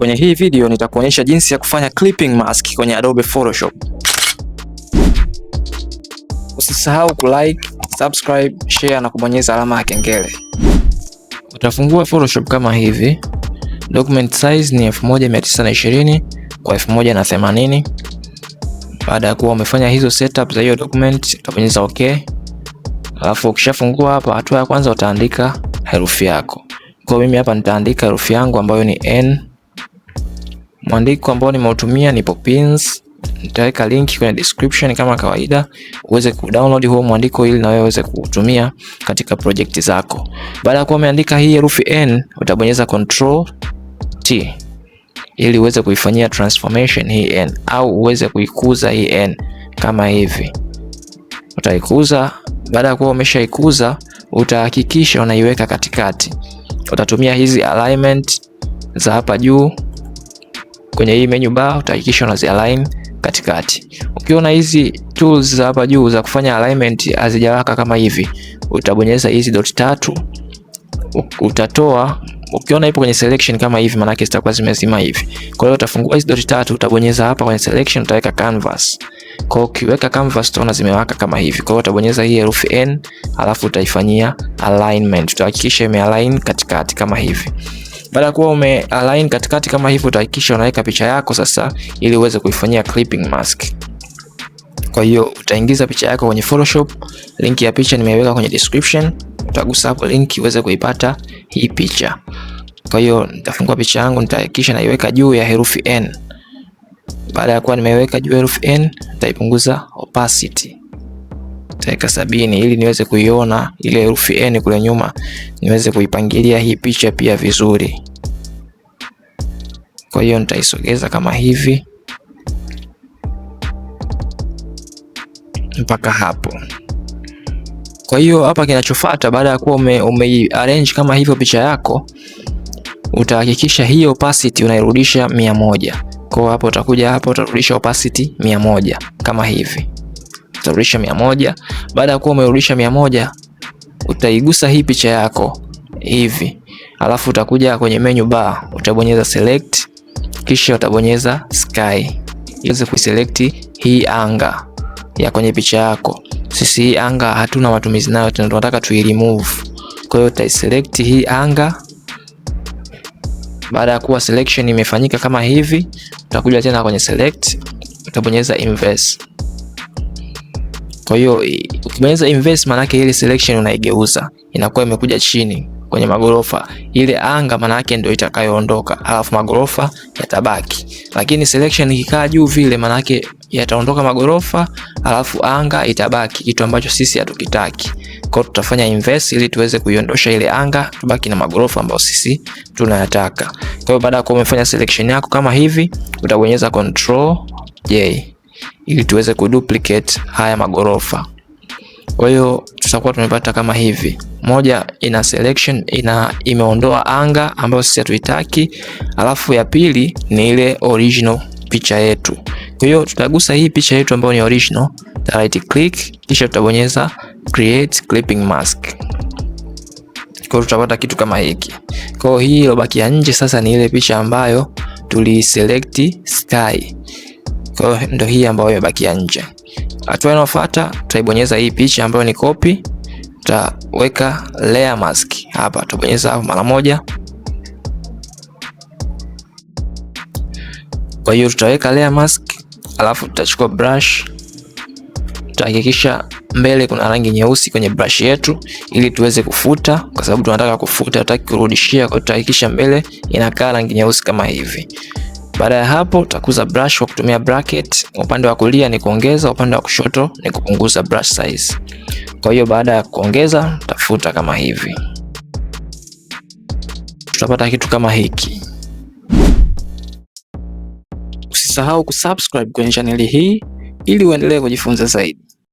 Kwenye hii video nitakuonyesha jinsi ya kufanya clipping mask kwenye Adobe Photoshop. Usisahau kulike, subscribe, share na kubonyeza alama ya kengele. Utafungua Photoshop kama hivi. Document size ni 1920 kwa 1080. Baada ya kuwa umefanya hizo setup za hiyo document, utabonyeza okay. Alafu ukishafungua hapa, hatua ya kwanza utaandika herufi yako. Kwa mimi hapa nitaandika herufi yangu ambayo ni N Mwandiko ambao nimeutumia ni Popins. Nitaweka link kwenye description kama kawaida, uweze kudownload huo mwandiko ili na wewe uweze kuutumia katika project zako. Baada ya kuwa umeandika hii herufi N, utabonyeza control T ili uweze kuifanyia transformation hii N au uweze kuikuza hii N kama hivi. Utaikuza. Baada ya kuwa umeshaikuza, utahakikisha unaiweka katikati. Utatumia hizi alignment za hapa juu kwenye hii menu bar utahakikisha unazi align katikati. Ukiona hizi tools za hapa juu za kufanya alignment hazijawaka kama hivi, utabonyeza hizi dot tatu utatoa ukiona ipo kwenye selection kama hivi, maana yake zitakuwa zimezima hivi. Kwa hiyo utafungua hizi dot tatu, utabonyeza hapa kwenye selection, utaweka canvas. Kwa hiyo ukiweka canvas, utaona zimewaka kama hivi. Kwa hiyo utabonyeza hii herufi N, alafu utaifanyia alignment, utahakikisha imealign katikati kama hivi. Baada ya kuwa ume align katikati kama hivyo, utahakikisha unaweka picha yako sasa, ili uweze kuifanyia clipping mask. Kwa hiyo utaingiza picha yako kwenye Photoshop. link ya picha nimeiweka kwenye description, utagusa hapo link uweze kuipata hii picha. Kwa hiyo nitafungua picha yangu, nitahakikisha naiweka juu ya herufi N. Baada ya kuwa nimeweka juu ya herufi N, nitaipunguza opacity dakika sabini ili niweze kuiona ile herufi n kule nyuma, niweze kuipangilia hii picha pia vizuri. Kwa hiyo nitaisogeza kama hivi mpaka hapo. Kwa hiyo hapa kinachofuata baada ya kuwa ume, ume arrange kama hivyo picha yako, utahakikisha hii opacity unairudisha mia moja. Kwa hapo utakuja hapa utarudisha opacity mia moja kama hivi utarudisha mia moja. Baada ya kuwa umerudisha mia moja, utaigusa hii picha yako hivi, alafu utakuja kwenye menu bar utabonyeza select, kisha utabonyeza sky iweze kuselect hii anga ya kwenye picha yako. Sisi hii anga hatuna matumizi nayo, tena, tunataka tu remove. Kwa hiyo utaiselect hii anga. Baada ya kuwa selection imefanyika kama hivi, utakuja tena kwenye select utabonyeza inverse. Kwa hiyo ukimaliza invest, manake ile selection unaigeuza inakuwa imekuja chini kwenye magorofa, ile anga maana yake ndio itakayoondoka, alafu magorofa yatabaki. Lakini selection ikikaa juu vile, maana yake yataondoka magorofa, alafu anga itabaki, kitu ambacho sisi hatukitaki. Kwa tutafanya invest ili tuweze kuiondosha ile anga, tubaki na magorofa ambayo sisi tunayataka. Kwa hiyo baada ya kuwa umefanya selection yako kama hivi, utabonyeza control J. Yeah ili tuweze kuduplicate haya magorofa. Kwa hiyo tutakuwa tumepata kama hivi, moja ina selection ina imeondoa anga ambayo sisi hatuitaki, alafu ya pili ni ile original picha yetu. Kwa hiyo tutagusa hii picha yetu ambayo ni original, ta right click, kisha tutabonyeza create clipping mask. Kwa hiyo tutapata kitu kama hiki. Kwa hiyo hii ilobaki nje sasa ni ile picha ambayo tuliselect sky. Kwa hiyo ndio hii ambayo imebakia nje. Hatua inayofuata tutaibonyeza hii picha ambayo ni copy, tutaweka layer mask hapa, tubonyeza hapo mara moja. Kwa hiyo tutaweka layer mask, alafu tutachukua brush, tutahakikisha mbele kuna rangi nyeusi kwenye brush yetu ili tuweze kufuta, kwa sababu tunataka kufuta, hataki kurudishia. Kwa hiyo tutahakikisha mbele inakaa rangi nyeusi kama hivi. Baada ya hapo utakuza brush kwa kutumia bracket. Upande wa kulia ni kuongeza, upande wa kushoto ni kupunguza brush size. Kwa hiyo baada ya kuongeza tafuta kama hivi, tutapata kitu kama hiki. Usisahau kusubscribe kwenye chaneli hii ili uendelee kujifunza zaidi.